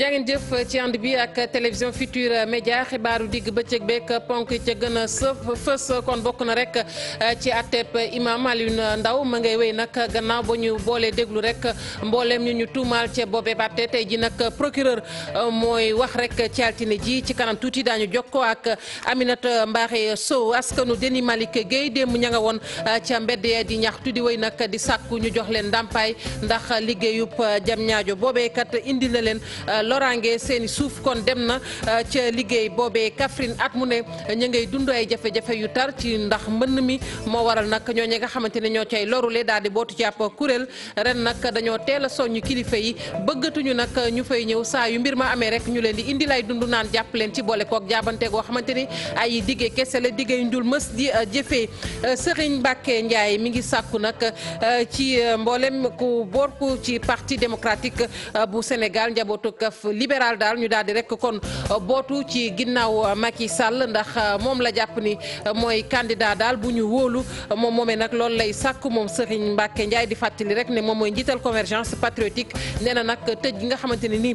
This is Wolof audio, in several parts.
jaa jëf ci ànd bi ak télévision Futur Média xibaaru digg ba bëccëg beeg ponk ca gën a sëf fës kon bokk na rek eh, ci àtteeb imam Alioune Ndao ma ngay wéy nag gannaaw ba ñu boolee déglu rek mbooleem ñu ñu tuumaal ca boobee bàtte tey ji nag procureur eh, mooy wax rek ci altine ji ci kanam tuuti daañu ko ak Aminata Mbaxe Sow askanu Deni Malick Guèye démb ña nga woon eh, ca mbedd ya di ñaxtu di wéy nag di sàkku ñu jox leen dàmpaay ndax liggéeyub jam ñaajo leen loraangee seeni suuf kon dem na euh, ca liggéey boobee Kaffrine at mu ne ñu ngay dund ay jafe-jafe yu tar ci ndax mbënn mi moo waral nag ñooñu nga xamante ne ñoo cay lorule daal di bootu ci ab kuréel ren nag dañoo teel a soññu kilifa yi bëggatuñu nag ñu fay ñëw saa yu mbir ma amee rek ñu leen di indi lay dund naan jàpp leen ci boole kook jaabante goo xamante ni ay diggee kese la diggee njul mës di euh, jëfee euh, Serigne Mbacke Ndiaye mi ngi sàkku nag ci mboolem ku boor ku ci parti démocratique bu Sénégal njabootuk def libéral daal ñu daal di rek kon euh, bootu ci ginnaaw euh, yi sàll ndax euh, moom la jàpp ni mooy candidat daal bu ñu wóolu moom moomee nag loolu lay sàkk moom Serigne Mbacke Ndiaye di fàttali rek ne moom mooy njiital convergence patriotique nee na nag tëj gi nga xamante ne nii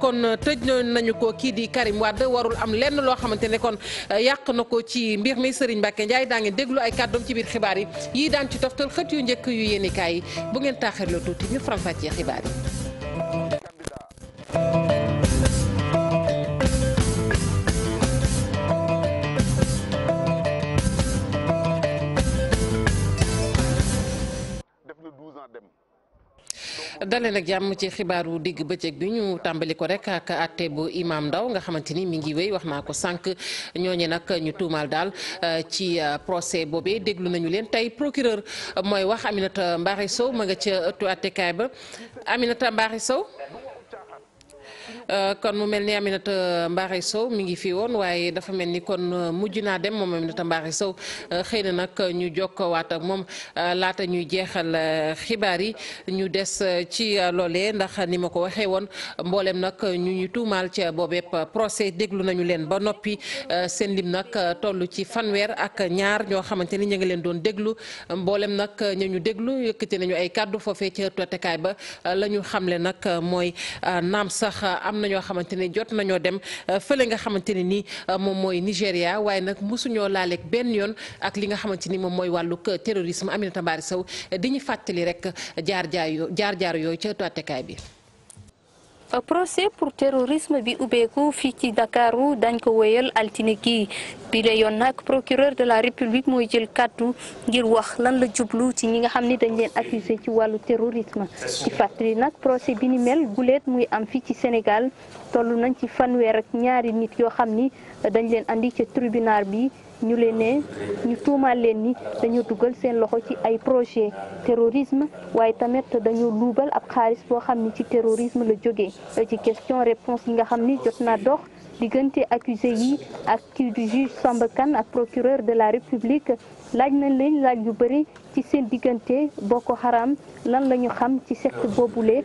kon tëj nañu ko kii di Karim Wade warul am lenn loo xamante ne kon yàq na ko ci mbir mi Serigne Mbacke Ndiaye daa ngeen déglu ay kàddoom ci biir xibaar yi yii daan ci toftal xët yu njëkk yu yéenekaay yi bu ngeen taaxirloo tuuti ñu faram-fàccee xibaar yi. dalal ak jàmm ci xibaar xibaaru digg bëccëg bi ñu tàmbali ko rek ak àtte bu Imam Ndao nga xamante ni mi ngi wéy wax naa ko sànq ñooñu nag ñu tuumaal daal euh, ci euh, procès boobee déglu nañu leen tey procureur euh, mooy wax Aminata Mbaare Sow ma nga ca ëttu àttekaay ba Aminata Mbaare Sow. Euh, kon mu mel ni ami Aminata Mbaare soow mu ngi fi woon waaye dafa mel ni kon euh, mujj naa dem moom Aminata Mbaare Sow euh, xëy na nag ñu jokkowaat ak moom laata ñuy jeexal xibaar yi ñu des ci loolee ndax ni ma ko waxee woon mbooleem nag ñu ñu tuumaal ca boobeeb procès déglu nañu leen ba noppi seen lim nag toll ci fanweer ak ñaar ñoo xamante ni ñu ngi leen doon déglu mbooleem nag ñu ñu déglu yëkkati nañu ay kàddu foofee ca tottekaay ba la xamle nag mooy am na ñoo xamante ne jot nañoo dem euh, fële nga xamante ne ni euh, moom mooy Nigéria waaye nag mosuñoo laaleek benn yoon ak li nga xamante ni moom mooy wàllu euh, terrorisme Aminata Mbaari Sow di ñu fàttali rek jaar jaar jaar jaar yooyu ca toitekaay bi procès pour terrorisme bi ubbeeku fii ci Ndakaaru dañ ko wéyal altine gi bi la yoon nag procureur de la république mooy jël kàddu ngir wax lan la jublu ci ñi nga xam ni dañ leen accusé ci wàllu terrorisme ci fàttali nag procès bi ni mel guleet muy am fii ci Sénégal toll nañ ci fanweer ak ñaari nit yoo xam ni dañ leen andi ci tribunal bi ñu leen ne ñu tuumaal leen ni dañoo dugal seen loxo ci ay projet terrorisme waaye tamit dañoo luubal ab xaalis boo xam ni ci terrorisme la jógee ci question réponse yi nga xam ni jot na dox diggante accusé yi ak kii du juge Samba Kane ak procureur de la République laaj na leen laaj yu bëri ci seen diggante Boko Haram lan la ñu xam ci secte boobule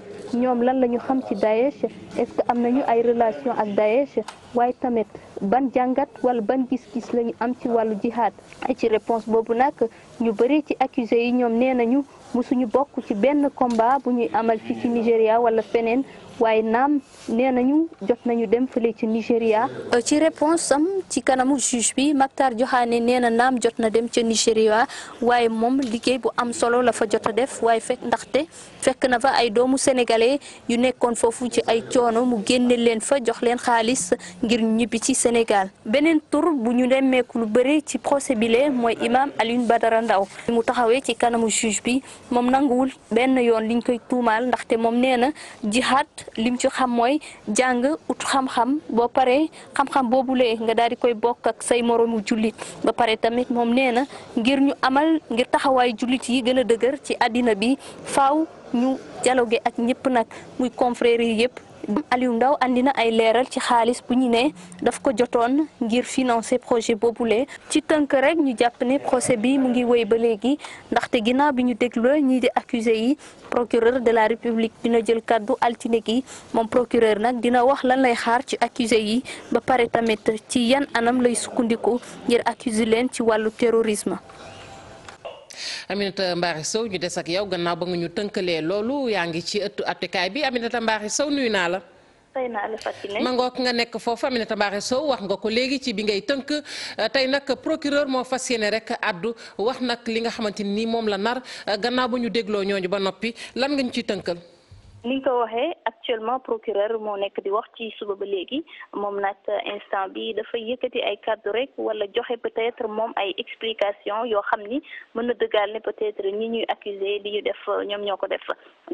ñoom lan la ñu xam ci Daesh est-ce que am nañu ay relation ak Daesh waaye tamit ban jàngat wala ban gis-gis la ñu am ci wàllu jihaad ci réponse boobu nag ñu bëri ci accusé yi ñoom nee nañu suñu bokk ci benn combat bu ñuy amal fii ci Nigéria wala feneen waaye naam nee nañu jot nañu dem fële ci Nigéria. Euh, ci réponse am ci kanamu juge bi Mactar Diokhane nee na naam jot na dem ca Nigéria waaye moom liggéey bu am solo la fa jot def waaye fekk ndaxte fekk na fa ay doomu sénégalais yu nekkoon foofu ci ay coono mu génne leen fa jox leen xaalis ngir ñibbi ci Sénégal. beneen tur bu ñu nemmeeku lu bëri ci procès bi lee mooy imaam Alioune Badara ndaw mu taxawee ci kanamu juge bi moom nanguwul benn yoon liñ koy tuumaal ndaxte moom nee na jihaad lim ci xam mooy jàng ut xam-xam boo paree xam-xam boobulee nga daal di koy bokk ak say moroomu jullit ba pare tamit moom nee na ngir ñu amal ngir taxawaayu jullit yi gën dëgër ci àddina bi faw ñu dialogué ak ñëpp nag muy confréer confrérie yëpp Aliou ndaw andi na ay leeral ci xaalis bu ñu nee daf ko jotoon ngir financer projet boobu boobule ci tënk rek ñu jàpp ne procès bi mu ngi wéy ba léegi ndaxte ginnaaw bi ñu dégloo ñii di accusé yi procureur de la république dina jël kàddu altine gi moom procureur nag dina wax lan lay xaar ci accusé yi ba pare tamit ci yan anam lay sukkandiku ngir accuser leen ci wàllu terrorisme Aminata Mbaari Sow ñu des ak yow gannaaw ba nga ñu tënkalee loolu yaa ngi ci ëttu attekaay bi Aminata Mbaari Sow nuyu naa la. tey naa la nga nekk foofu Aminata Mbaare Sow wax nga ko léegi ci bi ngay tënk euh, tey nag procureur moo fas yéene rek addu wax nag li nga xamante nii moom la nar euh, gannaaw ba ñu dégloo ñooñu ba noppi lan nga ñu ciy tënkal. ni nga ko waxee actuellement procureur moo nekk di wax ci suba ba léegi moom nag instant bi dafa yëkkati ay kàddu rek wala joxe peut-être moom ay explication yoo xam ni mën na dëggal ne peut ñi ñuy accusé li ñu def ñoom ñoo ko def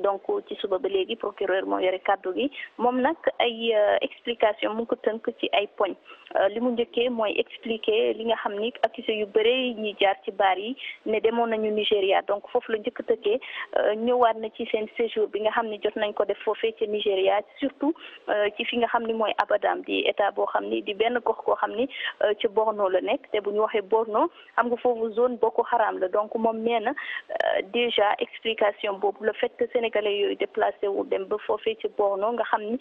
donc ci suba ba léegi procureur moo yore kàddu gi moom nag ay euh, explication mu ngi ko tënk ci ay poñ euh, li mu njëkkee mooy expliquer li nga xam ni accusé yu bëre ñi jaar ci baar yi ne demoon nañu Nigéria donc foofu la njëkk tëkkee euh, ñëwaat na nañ ko def foofee ca Nigéria surtout euh, ci fi nga xam ni mooy Abadam di état boo xam ni di benn gox koo xam ni euh, ci Borno la nekk te bu ñu waxee Borno xam nga foofu zone Boko Haram la donc moom nee na euh, déjà explication boobu la fait que sénégalais yooyu déplacé wu dem ba foofee ci Borno nga xam ni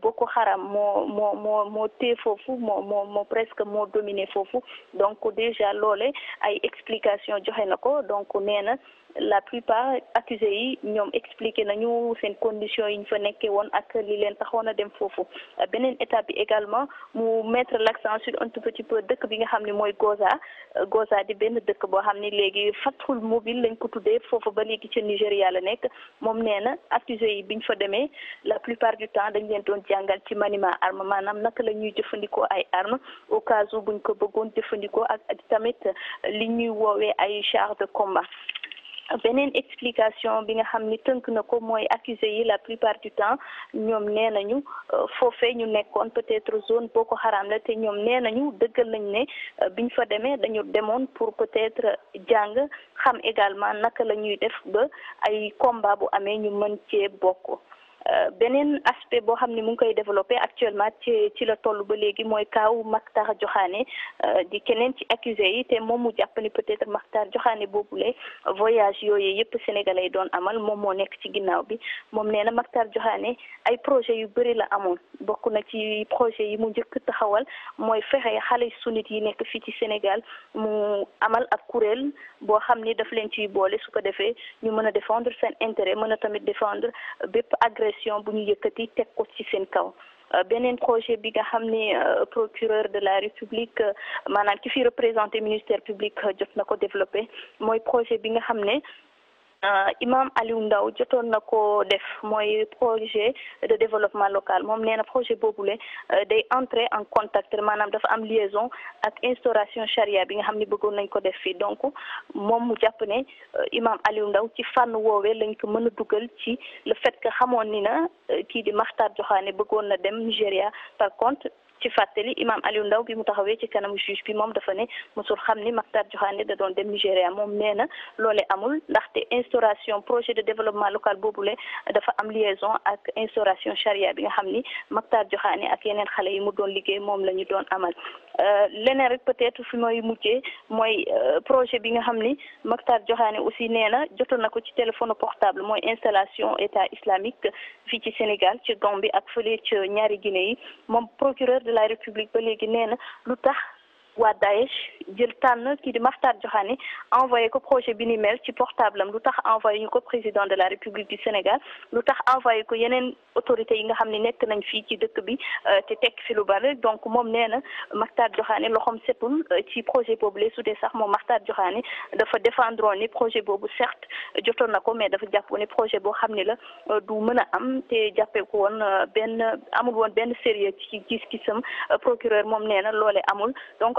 Boko Haram moo moo moo moo tee foofu moo moo moo presque moo dominé foofu donc déjà loole ay explication joxe na ko donc nee na la plupart accusé yi ñoom expliqué nañu seen condition yi ñu fa nekkee woon ak li leen taxoon a dem foofu beneen état bi également mu mettre l'accent sur un tout petit peu dëkk bi nga xam ne mooy Goza Goza di benn dëkk boo xam ni léegi Fatxul Mobile lañ ko tuddee foofu ba léegi ca Nigéria la nekk moom nee na accusé yi biñ fa demee la plupart du temps dañ leen doon jàngal ci maniement arm maanaam naka la ñuy jëfandikoo ay arme au cas buñ ko bëggoon jëfandikoo ak tamit li ñuy woowee ay chars de beneen explication bi nga xam ni tënk na ko mooy accusé yi la plupart du temps ñoom nee nañu euh, foofee ñu nekkoon peut-être zone Boko Haram la te ñoom nee nañu dëggal nañ ne euh, biñ fa demee dañu demoon pour peut-être jàng xam également naka la ñuy def ba ay combat bu amee ñu mën cee bokk Euh, beneen aspect boo xam ni mu ngi koy développé actuellement ci ci la tollu ba léegi mooy kaaw Maktar Joxaane euh, di keneen ci accusé yi te moom mu jàpp ni peut-être Maktar Joxaane boobule voyage yooyu yëpp sénégalais doon amal moom moo nekk ci ginnaaw bi moom nee na Maktar Joxaane ay projet yu bëri la amoon bokk na ci projet yi mu njëkk taxawal mooy fexe xale sunnit yi nekk fii ci Sénégal mu amal ak kuréel boo xam ni daf leen ciy boole su ko defee ñu mën a défendre seen intérêt mën a tamit défendre bépp pression bu ñu yëkkati teg ko ci seen kaw euh, beneen projet bi nga xam ne euh, procureur de la république euh, maanaam ki fi représenté ministère public jot na ko développé mooy projet bi nga ne Euh, imam Aliou Ndao jotoon na ko def mooy projet de développement local moom nee na projet le euh, day entrer en contact maanaam dafa am liaison ak instauration charia bi nga xam ni bëggoon nañ ko def fii donc moom mu jàpp ne euh, imam Aliou ndaw ci fànn woowe lañ ko mën a dugal ci le fait que xamoon ni na kii di Makhtar Diokhane bëggoon na dem Nigéria par contre ci fàttali imam Aliou ndaw bi mu taxawee ci kanamu juge bi moom dafa ne mosul xam ni Mactar Diokhane da doon dem Nigéria moom nee na loole amul ndaxte instauration projet de développement local le dafa am liaison ak instauration charia bi nga xam ni Mactar Diokhane ak yeneen xale yi mu doon liggéey moom la ñu doon amal Euh, leneen rek peut-être fi mooy mujjee mooy euh, projet bi nga xam ni Maktar Joxaane aussi nee na jotoon na ko ci téléphone portable mooy installation état islamique fii ci Sénégal ci Gambie ak fële ci ñaari Guinée yi moom procureur de la République ba léegi nee na lu tax waa Daesh jël tànn kii di Makhtar Diokhane envoyé ko projet bi ni mel ci portable am lu tax envoyé ñu ko président de la République du Sénégal lu tax envoyé ko yeneen autorité yi nga xam ne nekk nañ fii ci dëkk bi euh, te tekk fi lu bari donc moom nee na Makhtar Diokhane loxoom setul euh, ci projet boobu le su dee sax moom Makhtar Diokhane dafa défendroon ni projet boobu certes jotoon na ko mais dafa jàpp ne projet boo xam ni la euh, du mën a am te jàppee ko woon benn amul woon benn sérieux ci gis-gisam procureur moom nee na loole amul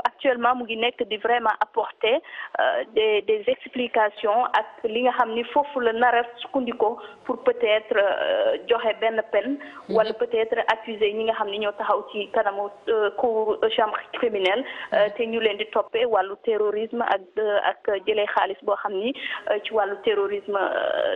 actuellement mu ngi nekk di vraiment apporter euh, des des explications ak li nga xam ni foofu la nara a sukkandikoo pour peut-être euh, joxe benn peine mhm. wala peut-être accuser ñi nga xam ni ñoo taxaw ci kanamu euh, cour chambre criminelle mhm. te ñu leen di toppee wàllu terrorisme ak ak jëlee xaalis boo xam ni ci wàllu terrorisme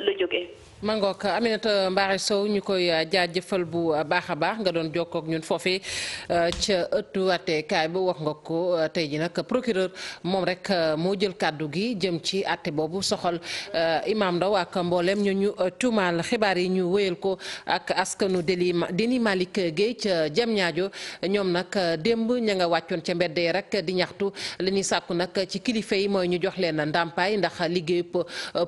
la jógee. Mangook Aminata Mbaare Sow ñu koy jaajëfal bu baax a baax nga doon jokkook ñun foofee ca ëttu àttekaay ba wax nga ko. tey ji nag procureur moom rek euh, moo jël kàddu gi jëm ci àtte boobu soxal euh, Imaam Ndaw ak mboolem ñu ñu euh, tuumaal xibaar yi ñu wéyal ko ak askanu deli deni Malick Guèye ca ñaajo ñoom nag démb ña nga wàccoon ca mbedd yi rek di ñaxtu li ñuy sàkku nag ci kilifa yi mooy ñu jox leen ndàmpaay ndax liggéey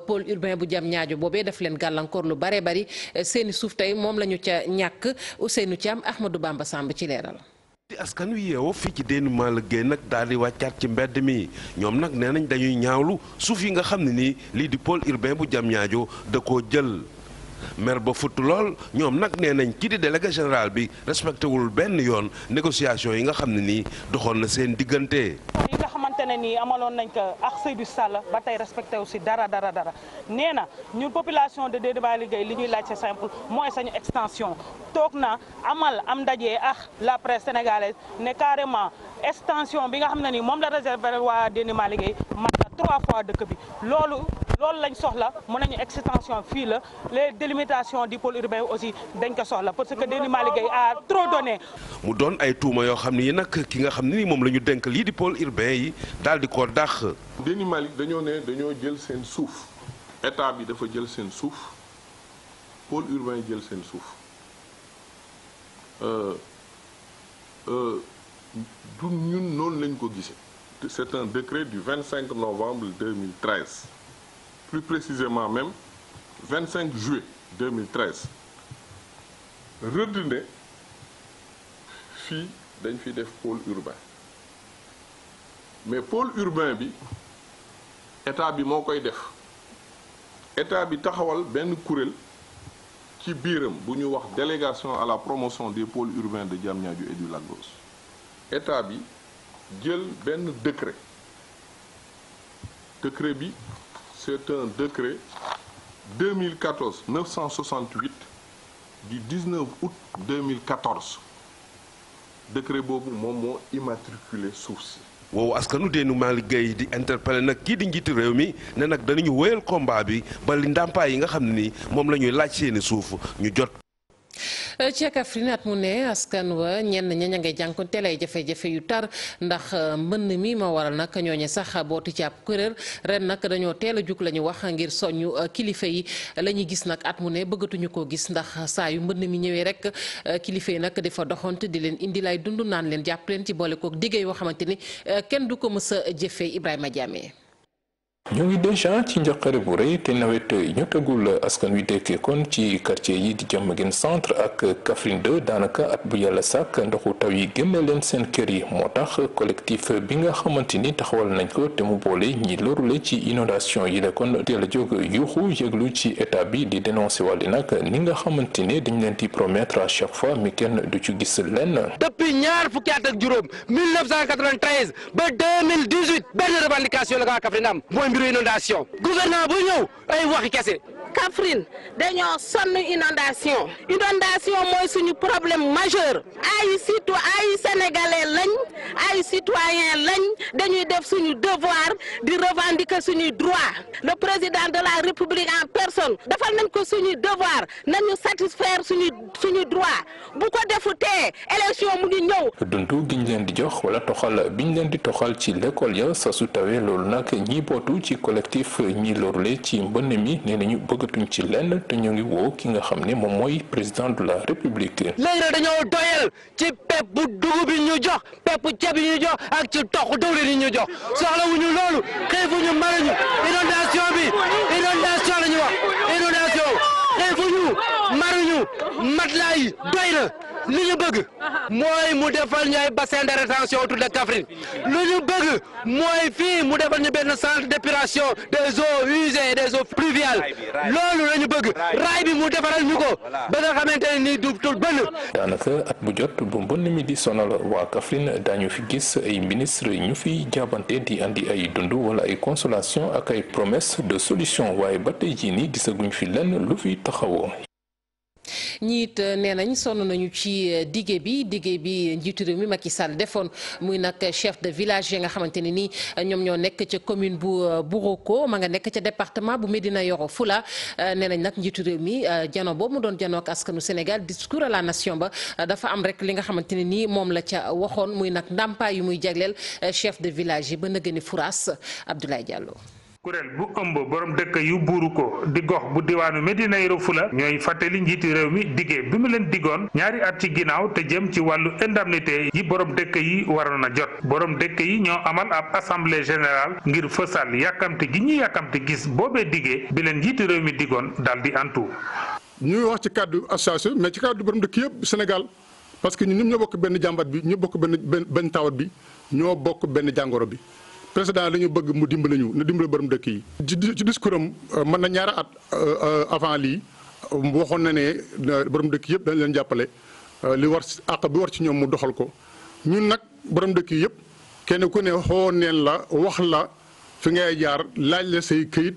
pôle urbain bu ñaajo boobee def leen gàllankoor lu bare bari seeni suuf tey moom la ñu ca ñàkk Ousseynou Thiam Ahmadou Bamba Samb ci leeral di askan wi yeewoo fii ci déenu Maala Gueye nag daal di wàccaat ci mbedd mi ñoom nag nee nañ dañuy ñaawlu suuf yi nga xam ne nii lii di pôle urbain bu Diamniadio da koo jël mer ba futt lool ñoom nag nee nañ kii di délégué général bi respecté wul benn yoon négociation yi nga xam ne nii doxoon na seen diggante. xamante ne nii amaloon nañ ko ak Seydou Sall ba tey respecté aussi dara dara dara nee na ñun population de Dédé Baali Gueye li ñuy laaj c'est simple mooy sañu extension toog na amal am ndaje ah la presse sénégalaise ne carrément extension bi nga xam ne ni moom la réservé waa Dédé maa liggéey mat trois fois dëkk bi loolu loolu lañ soxla mun nañu extension fii la les délimitations di pôle urbain aussi dañ ko soxla parce que Déni Malick Gueye a trop donné. mu doon ay tuuma yoo xam ne yi nag ki nga xam ne ni moom lañu ñu lii di pôle urbain yi daal di ko dàq. Déni Malick dañoo ne dañoo jël seen suuf état bi dafa jël seen suuf pôle urbain yi jël seen suuf. Euh, euh, du ñun loolu lañ ko gisee c'est un décret du 25 novembre 2013 plus précisément même 25 juillet 2013 rëdd ne fii dañ fi def pôle urbain mais pôle urbain bi état bi moo koy def état bi taxawal benn kuréel ci biiram bu ñu wax délégation à la promotion des pôles urbains de Diamniadio et du Lac Rose état bi jël benn décret décret bi c'est un décret 2014 968 du 19 août 2014 décret boobu moom moo immatriculé suuf si. wow askanu deenu Malick Gueye di interpellé nag kii di njiitu réew mi ne nag danañu wéyal combat bi ba li ndàmpaay yi nga xam ne ni moom la ñuy laaj seeni suuf ñu jot. ci Kaffrine at mu ne askan wa ñenn ña ña ngay jànkuwante lay jafe-jafe yu tar ndax euh, mbënn mi ma waral nag ñooñu sax bootu ci ab kuréel ren nag dañoo teel a jug la ñu wax ngir soññu euh, kilifa yi la ñuy gis nag at mu ne bëggatuñu koo gis ndax saa yu mbënn mi ñëwee rek euh, kilifa yi nag dafa doxante di leen indi lay dund naan leen jàpp leen ci boole kook diggé yoo xamante ni kenn du ko mës a jëfee Ibrahima Diamé. ñu ngi déjà ci njaqare bu rëy te nawet ñu tegul askan wi dëkkee kon ci quartier yi di Diamaguène centre ak Kaffrine 2 daanaka at bu yàlla sàkk ndoxu taw yi génne leen seen kër yi moo tax collectif bi nga xamante ni taxawal nañ ko te mu boole ñi lorule ci inondation yi la kon teel a jóg yuuxu yëglu ci état bi di dénoncé di nag ni nga xamante ni dañ leen di promettre à chaque fois mi kenn du ci gis lenn. depuis ñaar fukki at ak juróom 1993 ba 2018 benn inondation gouvernement bu ñëw ay waxi kese Kaffrine dañoo sonn inondation inondation mooy suñu problème majeur ay cito ay sénégalais citoyen lañ dañuy def suñu devoir di revendiquer suñuy droit le président de la république en personne defal nañ ko suñuy devoir nañu satisfaire suñuy droit bu ko defu tee élection mu ngi ñëw dundu giñ leen di jox wala toxal biñ leen di toxal ci l'école ya sa su tawee loolu nag ñi bootu ci collectif ñi lorule ci mbënn mi nee nañu bëgg toogatuñ ci lenn te ñu woo ki nga xam ni moom mooy président de la république. léegi dañoo doyal ci pepp bu dugub yi ñu jox pepp ceeb yi ñu jox ak ci toq dawlin yi ñu jox soxlawuñu loolu xiifuñu maruñu inondation bi inondation la ñu wax inondation ma maruñu matelas yi doy na. lu ñu bëgg mooy mu defal ñu ay bassin de rétention autour de Kaffrine lu ñu bëgg mooy fii mu defal ñu benn centre d'épuration des eaux usées et des eaux pluviales loolu la ñu bëgg raay bi mu defaral ñu ko ba nga xamante ne nii dugtul bënn daanaka at bu jot bu mbënn mi di sonal waa Kaffrine daañu fi gis ay ministre ñu fiy jaabante di indi ay dund wala ay consolation ak ay promesse de solution waaye ba tey jii nii gisaguñ fi lenn lu fi taxawoo ñi it euh, nee nañ sonn nañu ci euh, diggé bi diggé bi njiitu réew mi Macky Sall defoon muy nag chef de village yi nga xamante ne nii euh, ñoom ñoo nekk ca commune bu Bouroko ma nga nekk ca département bu Médina Yoro Fula nee nañ nag njiitu réew mi jano boobu mu doon janoo ak askanu Sénégal discours à la nation ba dafa am rek li nga xamante ne nii moom la ca waxoon muy nag ndàmpaay yu muy jagleel chef de village yi ba nëgëni Furaas Abdoulaye Diallo. kuréel bu ëmb borom dëkk yu buuru ko di gox bu diwaanu Medina Yoro Fula ñooy fàttali njiiti réew mi diggee bi mu leen diggoon ñaari at ci ginnaaw te jëm ci wàllu indemnité yi borom dëkk yi waroon a jot borom dëkk yi ñoo amal ab assemblée général ngir fësal yàkkamte gi ñu yàkkamte gis boobee diggee bi leen njiiti réew mi diggoon daal di antu. ñu wax ci kàddu association mais ci kàddu borom dëkk yëpp Sénégal parce que ñun ñoo bokk benn jàmbat bi ñoo bokk benn benn tawat bi ñoo bokk benn jàngoro bi. président li ñu bëgg mu dimbali ñu na dimbali borom dëkk yi. ci discours am euh, mën na ñaara at euh, euh, avant lii waxoon na ne borom dëkk yëpp dañ leen jàppale li war àq bi war ci ñoom mu doxal ko ñun nag borom dëkk yi yëpp kenn ku ne xoo neen la wax la fi ngay jaar laaj la say kayit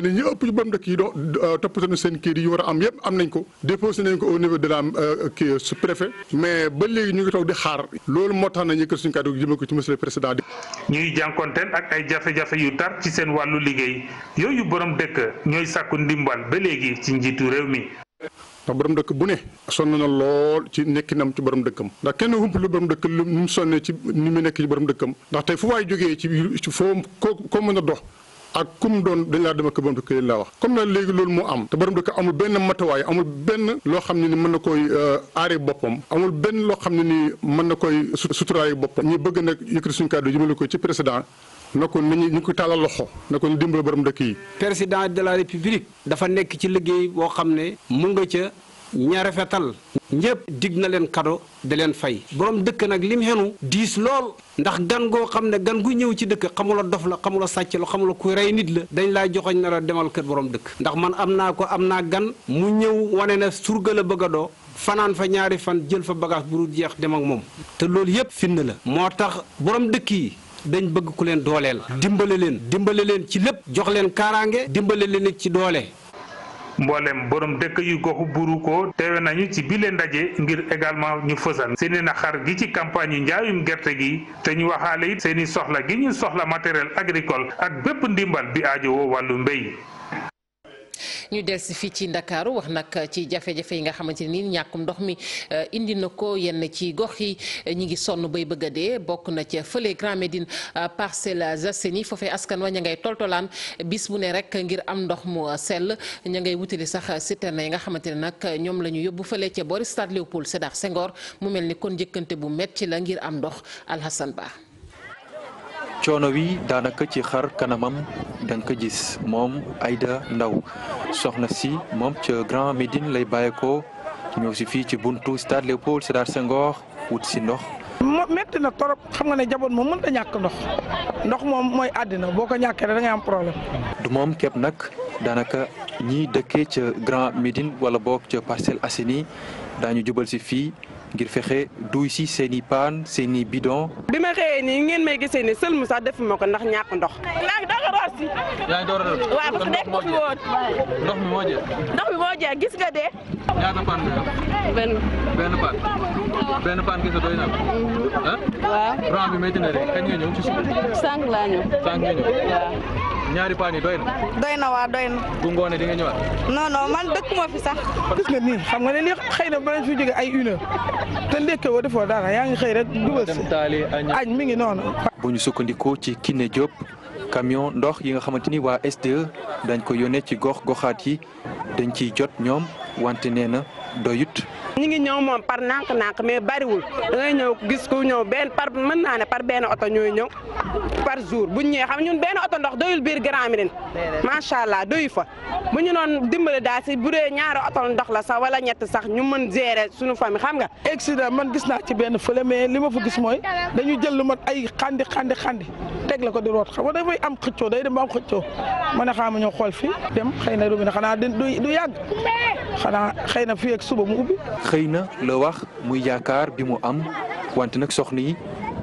te ne ñu ëpp ci borom dëkk yi doo euh, toppatoo seen kii yu war a am yëpp am nañ ko déposé nañ ko au niveau de la euh, kii euh, sous préfet mais ba léegi ñu ngi toog di xaar loolu moo tax na ñu kër suñu kàddu jëmee ko ci monsieur le président di ñuy jànkonteel ak ay jafe yu tar ci seen wàllu liggéey yooyu borom dëkk ñooy sàkku ndimbal ba léegi ci njiitu réew mi ndax boroom dëkk bu ne sonn na lool ci nekkinam ci borom dëkkam ndax kenn hump lu borom dëkk lu mu sonnee ci ni mu nekk ci borom dëkkam ndax tey fu waay jógee ci foo koo mën a dox ak comme doon dañ laa dema ko borom dëkk laa wax comme nag léegi loolu moo am te borom dëkk amul benn matuwaay amul benn loo xam ne ni mën na koy euh, aare boppam amul benn loo xam ne ni mën na koy suturaay boppam ñu bëgg nag yëkkati suñu kàddu jëmale ko ci président na ko ni ñu ko tàllal loxo na ko ñu dimbale borom dëkk yi président de la république dafa nekk ci liggéey boo xam ne mu nga ca ña rafetal ñëpp dig na leen kado da leen fay borom dëkk nag lim xenu diis lool ndax gan goo xam ne gan gu ñëw ci dëkk xamula dof la xamula sàcc la xamula ku rey nit la dañ laa joxoñ na la demal kër boroom dëkk ndax man am naa ko am naa gan mu ñëw wane na surga la a doo fanaan fa ñaari fan jël fa bagage bu dul jeex dem ak moom te loolu yëpp finn la moo tax borom dëkk yi dañ bëgg ku leen dooleel dimbale leen dimbale leen ci lépp jox leen kaaraange dimbale leen ci doole mboolem borom dëkk yu goxu buru ko teewe nañu ci bile ndaje ngir également ñu fësal seeni xar gi ci campagne yu njaayum gerte gi te ñu waxaale it seeni soxla gi ñu soxla matériel agricole ak bépp ndimbal bi aajo woo wàllu mbéy ñu del si fii ci ndakaaru wax nag ci jafe-jafe yi nga xamante ni ñàkkum ndox mi euh, indi na ko yenn ci gox yi euh, ñu ngi sonn bay bëgg a dee bokk na ca fële Grand Médine euh, Parcelles Assainies foofee askan wa ña ngay toltolaan bis bu ne rek ngir am ndox mu sell ña ngay wutali sax citerne yi nga xamante ne nag ñoom la ñu yóbbu fële ca boori stade Léopold Sédar Senghor mu mel ni kon njëkkante bu metti la ngir am ndox Alhassane Ba coono wi daanaka ci xar kanamam da nga ko gis moom Aïda Ndaw soxna si moom ca Grand Médine lay bàyyeekoo ñëw si fii ci buntu stade Léopold Sédar Senghor wut si ndox. metti na torop xam nga ne jaboot moom mënut a ñàkk ndox ndox moom mooy àddina boo ko ñàkkee da ngay am problème. du moom képp nag daanaka ñiy dëkkee ca Grand Médine wala boog ca Parcelles Assainies daañu jubal si fii. ngir fexe duy seeni seen paan seen bidon. bi ma xëyee nii ngeen may gisee ne sëlmu sax defuma ko ndax ñàkk ndox. ndax danga root si. yaa ngi ndox mi moo jeex. ndox mi moo jeex gis nga de. ñaata paan nga am. benn benn paan. benn paan gis doy na am. ah. rang bi na de kañ nga ñëw ci suba. sànq nga ñëw waaw. ñaari paan yi doy na. waa doy na. bu ngoonee di nga ñëwaat. non non man dëkkuma fi sax. gis nga nii xam nga ne lii xëy na ba leen fi jóge ay une te ndékke woo defoo dara yaa ngi xëy rek dugal si añ mi ngi noonu. bu ñu sukkandikoo ci Kiné Diop camion ndox yi nga xamante ni waa SDE dañ ko yone ci gox goxaat yi dañ ciy jot ñoom wante nee na doyut. ñi ngi ñëw moom par nànk-nànk mais bariwul da ngay ñëw gis ku ñëw benn par mën naa ne par benn oto ñooy ñëw par jour bu ñu ñëwee xam ñun benn oto ndox doyul biir Grand Médine macha allah doyu fa bu ñu doon dimbale daal si bu dee ñaari oto ndox la sax wala ñett sax ñu man gérer suñu famille xam nga. accident man gis naa ci benn fële mais li ma fa gis mooy dañu jël lu mat ay xandi xandi xandi teg la ko di root xam nga dafay am xëccoo day dem ba am xëccoo man a xaama ñoo xool fii dem xëy na robinet xanaa du yàgg xanaa xëy na fii suba mu xëy na la wax muy yaakaar bi mu am wante nag soxna yi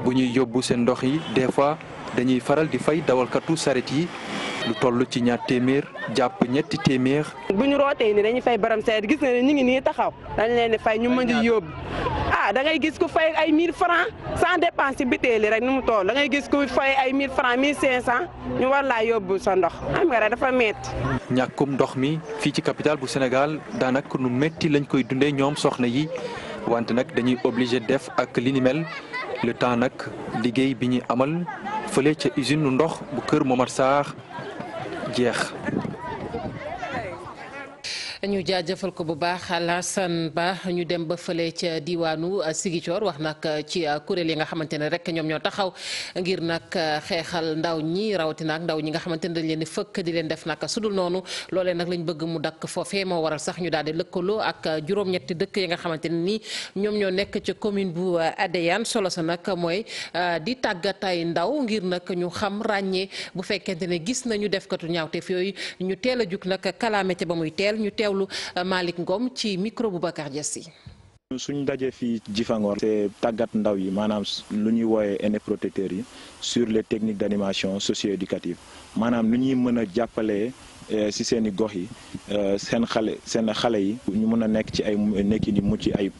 bu ñuy yóbbu seen ndox yi des fois dañuy faral di fay dawalkatu saret yi lu toll ci ñaar téeméer jàpp ñetti téeméer. bu ñu rootee nii dañuy fay baram saret gis na ne ñu ngi nii taxaw dañ leen di fay ñu mën di yóbbu ah da ngay gis ku fay ay 1000 francs sans dépense ci bitéeli rek ni mu toll da ngay gis ku fay ay 1000 francs 1500 ñu war laa yóbbu sa ndox am nga rek dafa métti. ñàkkum ndox mi fii ci capital bu Sénégal daanaka nu métti lañ koy dundee ñoom soxna yi wante nag dañuy obligé def ak li ni mel le temps nag liggéey bi ñu amal fële ca usine ndox bu kër Momar saax jeex. ñu jaajëfal ko bu baax Alassane Ba ñu dem ba fële ca diwaanu uh, Ziguinchor wax nag uh, ci uh, kuréel yi nga xamante ne rek ñoom ñoo taxaw ngir nag xeexal ndaw ñi rawatina ak ndaw ñi nga xamante ne dañ leen di fëkk di leen def nag sudul noonu loolee nag lañ bëgg mu dakk foofee moo waral sax ñu daal di lëkkaloo ak juróom-ñetti dëkk yi nga xamante ne nii ñoom ñoo nekk ca commune bu Adéane solo sa nag mooy di tàggatay ndaw ngir nag ñu xam ràññee bu fekkente ne gis nañu defkatu ñaawteef yooyu ñu teel a jug nag kalaame ca ba muy teel ñu teew teewlu Malick Ngom ci micro bu Bakar Diassi suñ dajee fii Jifangoor c'est tàggat ndaw yi maanaam lu ñuy wooyee aînés protecteurs yi sur les techniques d'animation socio-éducative maanaam lu ñuy mën a jàppalee ci euh, seen i gox yi euh, seen xale seen xale yi ñu mën a nekk ci ay nekkin yu mucc ayib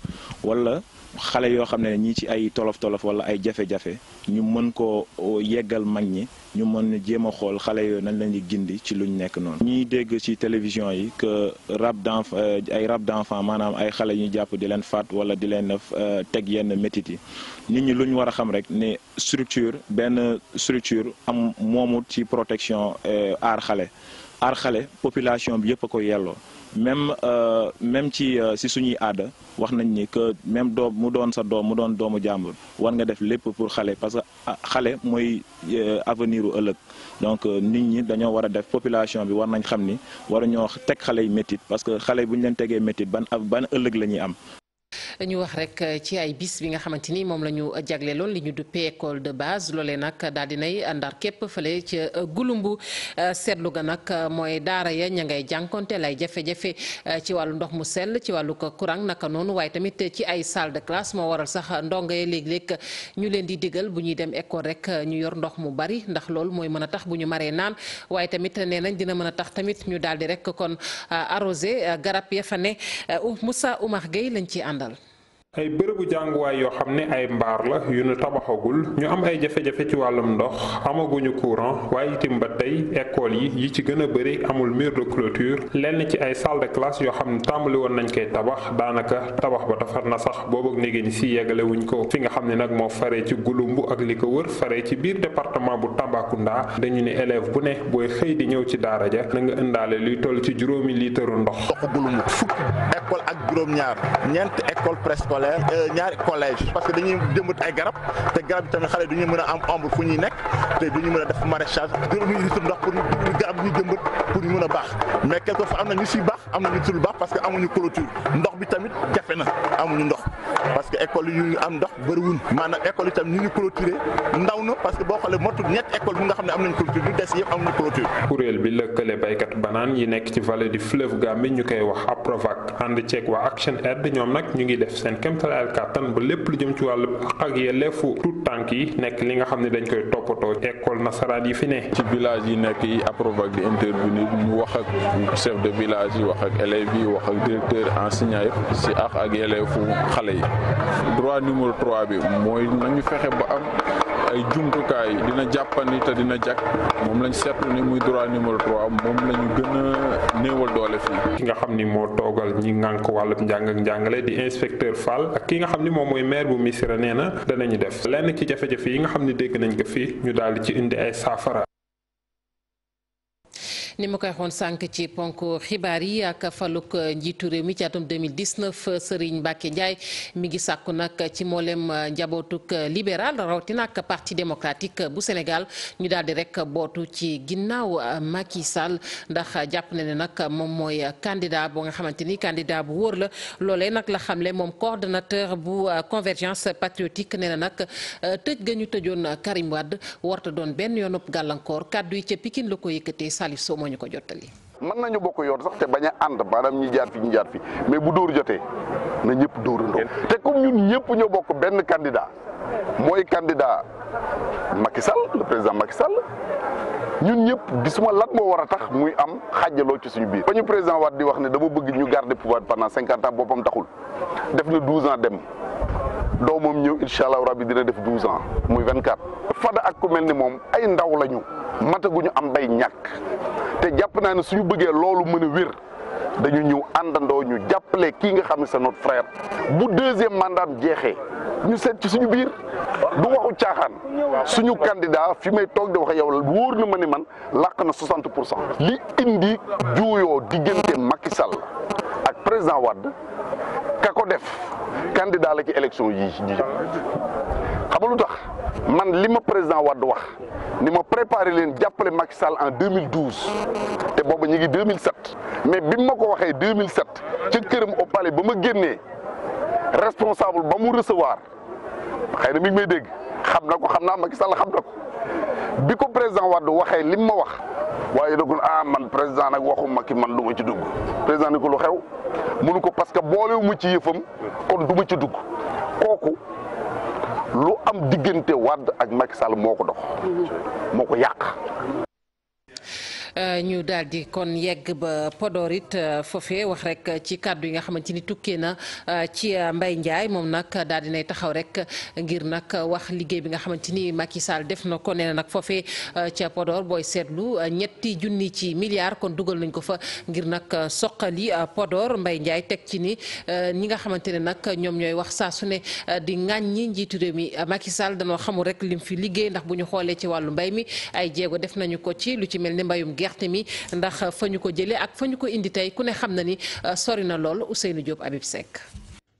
wala xale yoo xam ne ñii ci ay tolof tolof wala ay jafe-jafe ñu mën koo oh, yeggal mag ñi ñu mën jéem a xool xale yooyu nañ leen di gindi ci luñ nekk noonu. ñuy dégg ci télévision yi que rab d'enfant euh, ay rab d'enfant maanaam ay xale ñu jàpp di leen faat wala di leen teg yenn métit yi nit ñi lu ñu war a xam rek ne structure benn structure am moomut ci protection aar xale. aar xale population bi yëpp a ko yelloo même euh, même ci si euh, suñuy aada wax nañ ni que même doom mu doon sa doom mu doon doomu jàmbur war nga def lépp pour xale parce que ah, xale mooy euh, avenir u ëllëg donc nit ñi dañoo war a def population bi war nañ xam ni waruñoo teg xale yi métit parce que xale bu ñu leen tegee métit ban ban ëllëg la ñuy am ñu wax rek eh, ci ay bis bi nga xamante ni moom la ñu jagleeloon li ñu duppee école de base loolee nag daal di nay ndar képp fële ca eh, gulumbu eh, seetlu ga nag mooy daara ya ña ngay jànkonte lay jafe-jafe ci wàllu ndox mu sell ci wàllu ko courant naka noonu waaye tamit ci ay salle de classe moo waral sax ndongo yi léeg-léeg ñu leen di diggal bu ñuy dem école rek ñu yor ndox mu bari ndax loolu mooy mën a tax bu ñu maree naan waaye tamit nee nañ dina mën a tax tamit ñu daal di rek daal ay bërëbu jànguwaay yoo xam ne ay mbaar la yu nu tabaxagul ñu am ay jafe-jafe ci wàllum ndox amaguñu courant waaye itam ba tey école yi yi ci gën a bëri amul mur de clôture lenn ci ay salle de classe yoo xam ne tàmbali woon nañ koy tabax daanaka tabax ba defar na sax boobu ak ni si yeggale ko fi nga xam ne nag moo faree ci gulumbu ak li ko wër faree ci biir département bu Tambacounda dañu ni élève bu ne booy xëy di ñëw ci daara ja na nga indaale luy toll ci juróom-ñaar ñeent école préscolaire scolaire euh, ñaari collège parce que dañuy jëmbat ay garab te garab yi tamit xale du ñu mën a am ombre fu ñuy nekk te du ñu mën a def maraîchage duñu litre ndox pour garab ñu jëmbat pour ñu mën a baax mais quelque fois am na ñu si baax am na ñu sul baax parce que amuñu clôture ndox bi tamit jafe na amuñu ndox parce que école yu ñu am ndox bëriwul maanaam école itam ñu ngi clôturé ndaw na parce que boo xoolee motul ñetti école bu nga xam ne am nañ clôture ñu des yëpp amuñu clôture. kuréel bi lëkkale baykat banaan yi nekk ci vallée du fleuve Gambie ñu koy wax APROVAC ànd ceeg waa Action Aid ñoom nag ñu ngi def seen kéemtalaayal kàttan ba lépp lu jëm ci wàllu àq ak yelleefu tout tànk yi nekk li nga xam ne dañ koy toppatoo école nasaraan yi fi ne. ci village yi nekk yi APROVAC di intervenir ñu wax ak chef de village yi wax ak wax ak directeur enseignant yëpp si àq ak yelleefu xale yi droit numéro troit bi mooy nañu fexe ba am ay jumtukaay dina jàppandi te dina jag moom lañ seetlu ni muy droit numéro 3 moom la ñu gën a néewal doole fii. ki nga xam ni moo toogal ñi ngànk wàllub njàng ak njàngale di inspecteur Fall ak ki nga xam ni moom mooy maire bu Missirah nee na ñu def lenn ci jafe-jafe yi nga xam ni dégg nañ ko fii ñu daal di ci indi ay saafara. ni ma koy waxoon sànq ci ponk xibaar yi ak faluk njiitu réew mi ci atum 2019 Serigne Mbacke Ndiaye mi ngi sàkku nag ci mboolem njabootuk libéral rawatina ak parti démocratique bu Sénégal ñu daal di rek bootu ci ginnaaw Macky Sall ndax jàpp na ne nag moom mooy candidat boo nga xamante ni candidat bu wóor la loolee nag la xamle moom coordonnateur bu convergence patriotique ne na nag tëj ga ñu tëjoon Karim wadd warta doon benn yoonub gàllankoor kàddu yi ca pi la ko moo ñu ko jottali. mën nañu bokk yoon sax te bañ a ànd maanaam ñi jaar fi ñi jaar fi mais bu dóor jotee na ñëpp dóorandoo te comme ñun ñëpp ñoo bokk benn candidat mooy candidat Macky Sall le président Macky Sall ñun ñëpp gisuma lan moo war a tax muy am xaajaloo ci suñu biir. ba ñu président Wade di wax ne dama bëgg ñu garder pouvoir pendant cinquante ans boppam taxul def na douze ans dem. doomam ñëw incha rab rabbi dina def douze ans muy vingt quatre. Fada ak ku mel ni moom ay ndaw lañu mataguñu am bay ñàkk te jàpp naa ne suñu bëggee loolu mën a wér dañu ñëw àndandoo ñu jàppale kii nga xam ne c'est notre frère bu deuxième mandat jeexee ñu seet ci suñu biir du waxu caaxaan suñu candidat fi may toog di wax yow wóor na ma ni man làq na 60 pour cent. li indi juuyoo diggante Macky Sall ak président Wade ka ko def. candidat la ci élection yii xam lu tax man li ma président Wade wax ni ma préparer leen jàppale Macky Sall en 2012 te booba ñu ngi 2007 mais bi ma ko waxee 2007 ca këram au palais ba ma génnee responsable ba mu recevoir xëy na mi ngi may dégg xam na ko xam naa Macky Sall xam na ko. bi ko président Wade waxee lim ma wax waaye dagul ah man président nag waxuma ki man du ma ci dugg président ni ko lu xew mënu ko parce que boole mu ci yëfam kon du ma ci dugg kooku lu am diggante Wade ak Macky Sall moo ko dox moo ko yàq Euh, ñu daal di kon yegg ba Podor it euh, foofee wax rek ci kàddu yi nga xamante ni tukkee na euh, ci Mbaye Ndiaye moom nag daal di nay taxaw rek ngir nag wax liggéey bi nga xamante ni Macky Sall def na ko nee nag foofee ca Podor booy seetlu ñetti junni ci milliards kon dugal nañ ko fa ngir nag soqali Podor Mbaye Ndiaye teg ci ni ñi nga xamante ne nag ñoom ñooy wax saa su ne di ŋàññi njiitu réew mi Macky Sall danoo xamul rek lim fi liggéey ndax bu ñu xoolee ci wàllu mbay mi ay jéego def nañu ko ci lu ci mel ni mbayum gerte mi ndax fa ñu ko jëlee ak fa ñu ko indi tey ku ne xam na ni euh, sori na lool Ousseynou Diop Habib Seck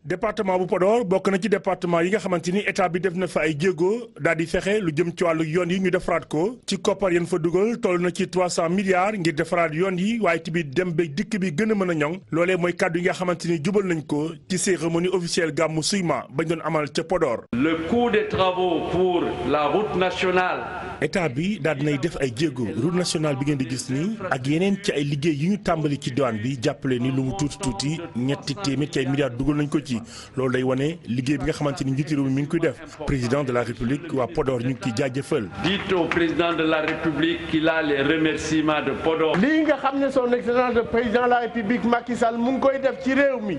département bu Podor bokk na ci département yi nga xamante ni état bi def na fa ay jéego daal di fexe lu jëm ci wàllu yoon yi ñu defaraat ko ci koppar yéen fa dugal toll na ci 300 milliards ngir defaraat yoon yi waaye tamit dem ba dikk bi gën a mën a ñoŋ loolee mooy kàddu yi nga xamante ni jubal nañ ko ci cérémonie officielle gàmmu Suyma bañ doon amal ca Podor. le coût des travaux pour la route nationale. état bi daal nay def ay jéego route nationale bi ngeen di gis nii ak yeneen ci ay liggéey yu ñu tàmbali ci diwaan bi jàppale ni lu mu tuuti tuuti ñetti téeméer ci ay nañ ko ci loolu day wane liggéey bi nga xamante ni njiitu réew mi mi ngi koy def président de la république waa Podor ñu ngi ciy jaajëfal. dites au président de la république qu'il a les remerciements de nga xam ne soo excellence le président de la république Macky mu ngi koy def ci réew mi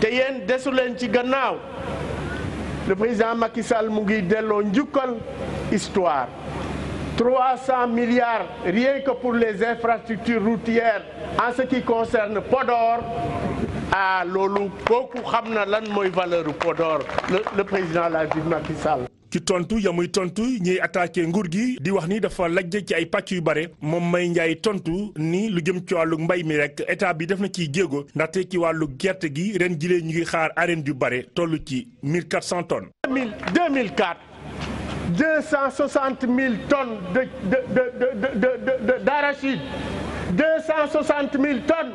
te yéen desu leen ci gannaaw le président Macky Sall mu ngi delloo njukkal histoire. 300 milliards rien que pour les infrastructures routières en ce qui concerne Podor ah loolu kooku xam na lan mooy valeur Podor le président la ville Macky Sall. ci tontu ya muy tontu ñiy attaqué nguur gi di wax ni dafa lajj ci ay pàcc yu bare moom may njaay tontu ni lu jëm ci wàllu mbay mi rek état bi def na ciy jéego ndaxte ci wàllu gerte gi ren jilee ñu ngi xaar arène yu bare tollu ci 1400 tonnes. 2004. deux cent soixante mille tonnes de de de de de d'arachide deux cent soixante mille tonnes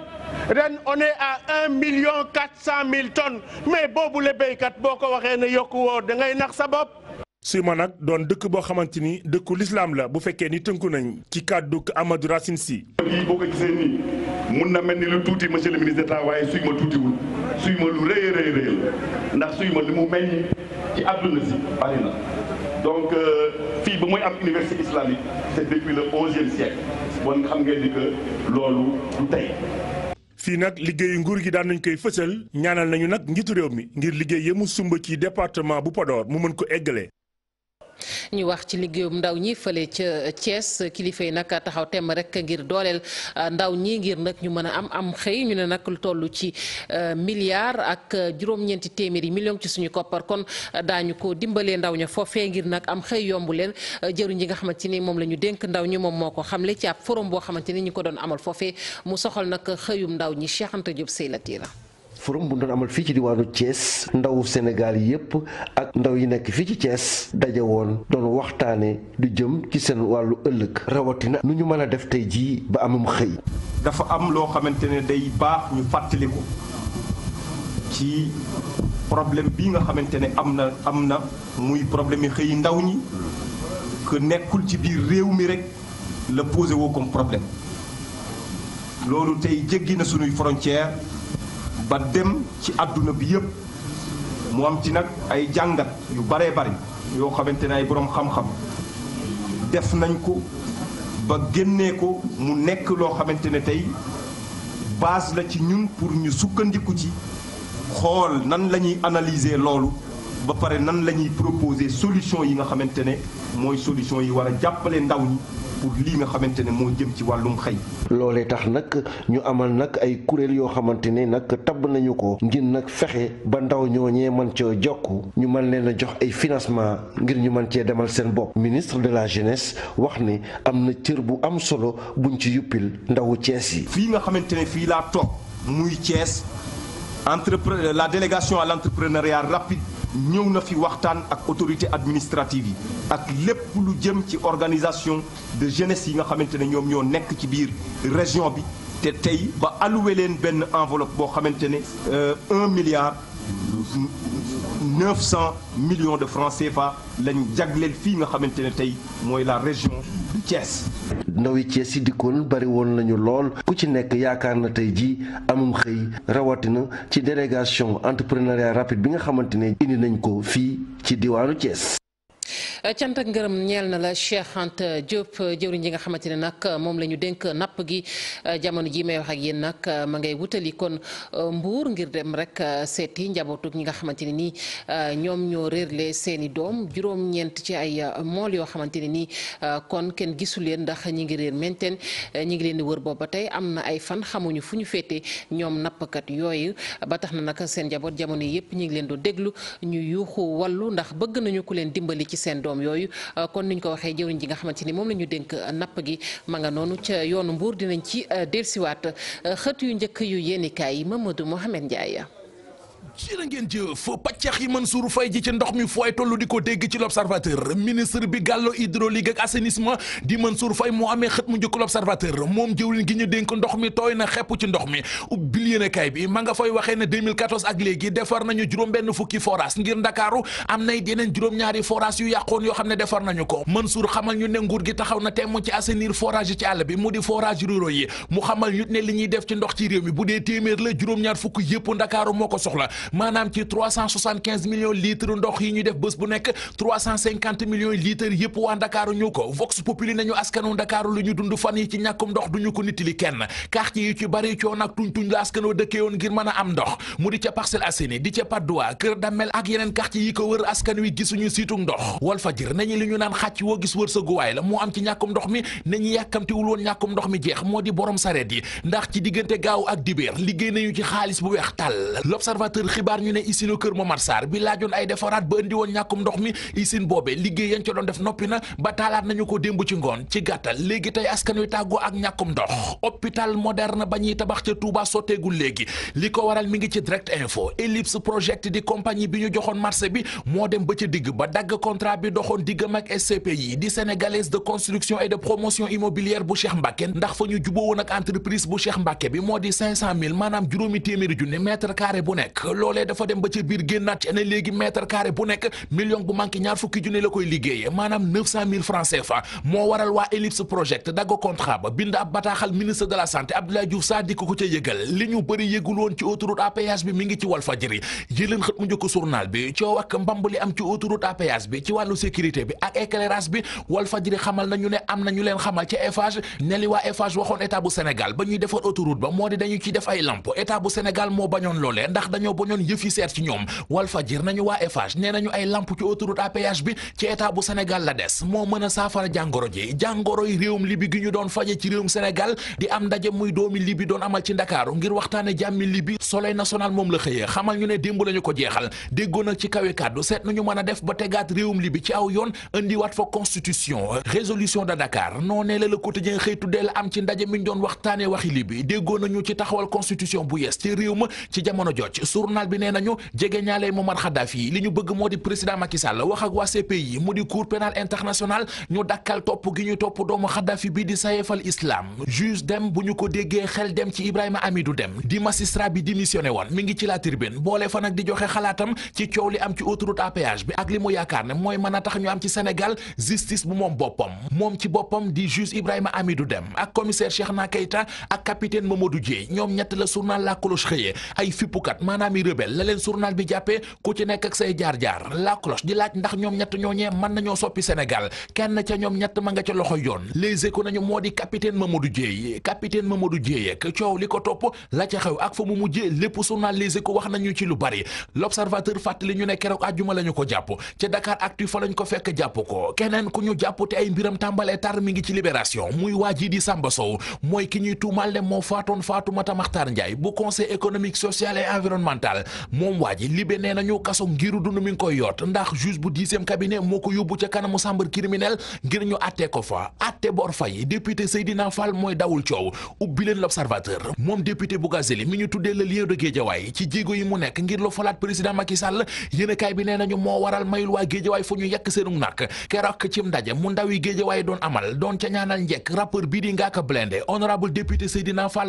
ren on est à un million quatre cent mille tonnes mais boobu la béykat boo ko waxee ne yokku woo da ngay nax sa bopp. Sima nag doon dëkk boo xamante ni dëkku lislaam la bu fekkee ni tënku nañ ci kàddu Amadou Racine Sy. yii boo ko gisee nii mun na mel ni lu tuuti monsieur le ministre d'État waaye suy ma tuutiwul suy ma lu rëy rëy rëy ndax suy ma li mu meññ ci àdduna si bari na. donc euh, fii ba muy am université islamique c'est depuis le onzième siècle bon xam ngeen ni loolu du tey fii nag liggéeyu nguur gi daan nañ koy fësal ñaanal nañu nag njiitu réew mi ngir liggéey yemu sumba ci département bu Podor mu mën ko eggale ñu wax ci liggéeyum ndaw ñi fële ca Thiès kilifa yi nag taxaw temb rek ngir dooleel ah, ndaw ñii ngir nag ñu mën a am am xëy ñu ne nag lu toll ci eh, milliard ak juróom-ñeenti téeméeri million ci suñu koppar kon ah, daañu ko dimbalee ndaw ña foofee ngir nag am xëy yombu leen eh, jëruñ yi nga xamante ni moom la ñu dénk ndaw ñi moom moo ko xamle ci ab forum boo xamante ni ñu ko doon amal foofe mu soxal nag xëyum ndaw ñi Cheikh Anta Diop Seylatira forum bu ñu doon amal fii ci diwaanu Thiès ndawu Sénégal yépp ak ndaw yi nekk fii ci cees daje woon doon waxtaane du jëm ci seen wàllu ëllëg rawatina nu ñu mën a def tey jii ba amum xëy. dafa am loo xamante ne day baax ñu fàttali ko ci problème bi nga xamante ne am na am na muy problème yi xëy ndaw ñi que nekkul ci biir réew mi rek la posé woo comme problème loolu tey jéggi na suñuy frontière ba dem ci àdduna bi yëpp mu am ci nag ay jàngat yu baree bari yoo xamante ne ay boroom xam-xam def nañ ko ba génnee ko mu nekk loo xamante ne tey base la ci ñun pour ñu sukkandiku ci xool nan la ñuy analyser loolu ba pare nan la ñuy proposer solution yi nga xamante ne mooy solution yi war a jàppale ndaw ñi pour lii nga xamante ne moo jëm ci wàllum xëy. loolee tax nag ñu amal nag ay kuréel yoo xamante ne nag tabb nañu ko ngir nag fexe ba ndaw ñooñee mën cee jokk ñu mën leen a jox ay financement ngir ñu mën cee demal seen bopp. ministre de la jeunesse wax ni am na cër bu am solo buñ ci yuppil ndawu Cees yi. fii nga xamante ne fii laa toog muy Cees entrepre la délégation à l'entrepreneuriat rapide. ñëw na fi waxtaan ak autorité administrative yi ak lépp lu jëm ci organisation de jeunesse yi nga xamante ne ñoom ñoo nekk ci biir région bi te tey ba alloué leen benn enveloppe boo xamante ne euh, un milliard neuf cent de francs fa lañ jagleel fii nga xamante ne tey mooy la région de Thiès. ndawi Thiès yi dikkoon bari woon nañu lool ku ci nekk yaakaar na tey jii amum xëy rawatina ci délégation entrepreneuriat rapide bi nga xamante ne indi nañ ko fii ci diwaanu Thiès. Euh, cant ak ngërëm ñeel na la Cheikh Anta Diop yi euh, nga xamante ne nag euh, moom la ñu dénk napp gi jamono ji may wax ak yéen nag ma ngay wutali kon mbuur ngir dem rek seeti njabootu ñi nga xamante ne nii ñoom ñoo réerle seen i doom juróom ci ay mool yoo xamante ne nii kon kenn gisu leen ndax ñi ngi réer menten ñi ngi leen di wër booba tey am na ay fan xamuñu fu ñu féete ñoom nappkat yooyu ba tax na nag seen njaboot jamono yëpp ñu ngi leen doon déglu ñu yuuxu wallu ndax bëgg nañu ku leen dimbali ci seen doom doom yooyu euh, kon niñ ko waxee jëwriñ ji nga xamante ni moom la ñu dénk euh, napp gi ma nga noonu ca yoonu mbuur dinañ ci euh, siwaat xët yu njëkk yu yéenikaay yi Mamadou Mohamed Ndiaye jërë ngeen jëf pàccax yi Mansour Faye ji ci ndox mi fooy tollu di ko dégg ci l'observateur ministre bi gàllo hydraulique ak assainissement di Mansour Faye moo amee xët mu njëkk l'observateur moom jëwlin gi ñu dénk ndox mi tooy na xepp ci ndox mi ubbil yéenekaay bi ma nga fay waxee ne 2014 ak léegi defar nañu juróom benn fukki forage ngir Ndakaaru am na yeneen juróom-ñaari forage yu yàqoon yoo xam ne defar nañu ko Mansour xamal ñu ne nguur gi taxaw na temm ci assainir forage ci àll bi mu di forage ruraux yi mu xamal ñu ne li ñuy def ci ndox ci réew mi bu dee téeméer la juróom-ñaar fukk yëpp Ndakaaru moo ko soxla maanaam ci 375 millions litres ndox yi ñu def bés bu nekk 350 millions litres yëpp waa Ndakaaru ñu ko Vox Populi nañu askanu Ndakaaru lu ñu dund fan yi ci ñàkkum ndox duñu ko nittali kenn quartier yi ci bari coon ak tuñ-tuñ la askan wa dëkkee woon ngir mën a am ndox mu di ca Parcelles Assainies di ca Patte d'Oie Kër Damel ak yeneen quartier yi ko wër askan wi gisuñu siitu ndox Walfadjri nañu li ñu naan xàcc woo gis wërsëguwaay la moo am ci ñàkkum ndox mi nañu yàkkamtiwul ndox mi jeex moo di borom sareet ndax ci diggante gaaw ak liggéey nañu ci xaalis bu weex tàll l'observateur xibaar ñu ne usine Kër Momar Sarr bi laajoon ay defaraat ba indi woon ñàkkum ndox mi usine boobee liggéey yañ ca doon def noppi na ba taalaat nañu ko démb ci ngoon ci gàttal léegi tey askan wi tàggoo ak ñàkkum ndox hôpital moderne ba ñuy tabax ca Touba sotteegul léegi li ko waral mi ngi ci direct info Ellipse Project di compagnie bi ñu joxoon marché bi moo dem ba ca digg ba dagg contrat bi doxoon diggam ak SCPI di sénégalaise de construction et de promotion immobilière bu Cheikh Mbacké moo di 500000 maanaam juróomi téeméeri junni mètre carré bu loolee dafa dem ba ci ba bind li ñu bëri yëgul woon ci autoroute à péage bi mi ngi ci Walfadjri yëleen xët mu njëkk journal bi coow ak mbamb am ci autoroute à péage bi ci wàllu sécurité bi ak éclairage bi Walfadjri xamal nañu ne am nañu leen xamal ci Eiffage ne waa Eiffage waxoon état Sénégal ba ñuy defar autoroute ba moo di dañu ciy def lamp état Sénégal moo bañoon loolee ndax dañoo bañoon yëf yi seet ci ñoom Walfadjri nañu waa Eiffage nee nañu ay lamp ci autoroute à péage bi ci état bu Sénégal la des moo mën a saafara jàngoro ji jàngoro yi réewum Libi gi ñu doon faje ci réewum Sénégal di am ndaje muy doomi Libi doon amal ci Ndakaaru ngir waxtaane jàmmi Libi Soleil national moom la xëyee xamal ñu ne démb lañu ko jeexal déggoo nag ci kawe kàddu seet nañu mën a def ba tegaat réewum Libi ci aw yoon indiwaat fa constitution résolution de Dakar noo ne Le Quotidien xëy tuddee la am ci ndaje mi ñu doon waxtaane waxi Libi déggoo nañu ci taxawal constitution bu yees ci réew ma ci jamono jooju journal bi nee nañu jege ñaale Muammar Kadhafi li ñu bëgg moo di président Macky Sall wax ak waa CPI mu di cour pénal international ñu dakkal topp gi ñu topp doomu Kadhafi bi di sayefal islam juge dem bu ñu ko déggee xel dem ci Ibrahima Amidou Dem di magistrat bi démissionné woon mi ngi ci la tribune boole fa di joxe xalaatam ci li am ci autoroute à péage bi ak li mu yaakaar ne mooy mën a tax ñu am ci Sénégal justice bu moom boppam moom ci boppam di juge Ibrahima Amidou Dem ak commissaire na Keita ak capitaine Mamadou Dieye ñoom ñett la journal La Cloche xëyee ay fippukat maanaam rebelle la leen journal bi jàppee ku ci nekk ak say jaar-jaar la cloche di laaj ndax ñoom ñett ñooñee mën nañoo soppi Sénégal kenn ca ñoom ñett ma nga ca loxo yoon les échos nañu moo di capitaine Mamadou Dieye capitaine Mamadou Dieye ak coow li ko topp la ca xew ak fa mu mujjee lépp journal les échos wax nañu ci lu bari l'observateur fàttali ñu ne keroog àjjuma la ñu ko jàpp ca Dakar Actu fa lañ ko fekk jàpp ko keneen ku ñu jàpp te ay mbiram tàmbalee Sénégal moom waa ji libe nee nañu kaso ngiru dund mi ngi koy yoot ndax juge bu dixième cabinet moo ko yóbbu ca kanamu chambre criminelle ngir ñu àttee ko fa àtte Bor Faye député Seydina Fall mooy dawul coow ubbi leen moom député Bougazeli mi ñu tuddee le lieu de Guédiawaye ci jéego yi mu nekk ngir lu falaat président Macky Sall bi nee nañu moo waral mayul waa Guédiawaye fu ñu yekk seenu nak keroog ci ndaje mu ndaw yi doon amal doon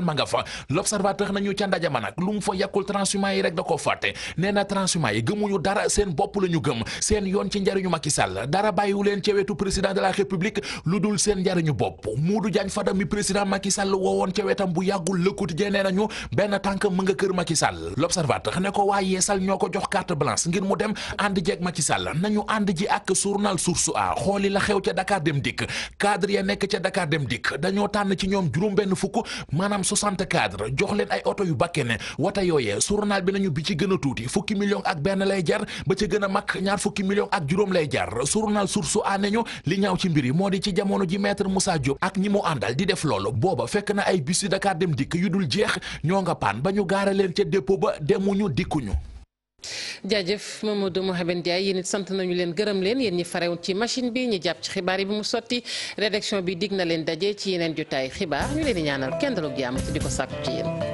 ma nga fa l'observateur nañu ca ndaje ma nag lu mu fa yekkul transhumant yi rek da koo fàtte nee na transhumant yi gëmuñu dara seen bopp la ñu gëm seen yoon ci njariñu Macky Sall dara bàyyiwu leen ci wetu président de la république lu dul seen njariñu bopp Modou Diagne Fada mi président Macky Sall woowoon ca wetam bu yàggul Le Quotidien nee nañu benn tànk mu nga kër Macky Sall L'Observateur ne ko waa Yeesal ñoo ko jox carte blanche ngir mu dem ànd jeeg Macky Sall nañu ànd ji ak journal su A xooli la xew ca Dakar Dem Dikk cadre ya nekk ca Dakar Dem Dikk dañoo tànn ci ñoom juróom benn fukk maanaam 60 cadre jox leen ay oto yu bakkene wata yooyee journal bi ci gën a tuuti fukki million ak benn lay jar ba ca gën a mag ñaar fukki million ak juróom lay jar journal Source A ne ñu li ñaw ci mbir yi moo di ci jamono ji maître Moussa Diop ak ñi mu àndal di def loolu booba fekk na ay bus yu dem dikk yu dul jeex ñoo nga paan ba ñu gaare leen ca dépôt ba demuñu dikkuñu. jaajëf Mamadou Mohamed Ndiaye yéen it sant nañu leen gërëm leen yéen ñi farewoon ci machine bi ñi jàpp ci xibaar yi bi mu sotti rédaction bi dig na leen daje ci yeneen jotaay xibaar ñu ñaanal kenn daloo jàmm ko sàkku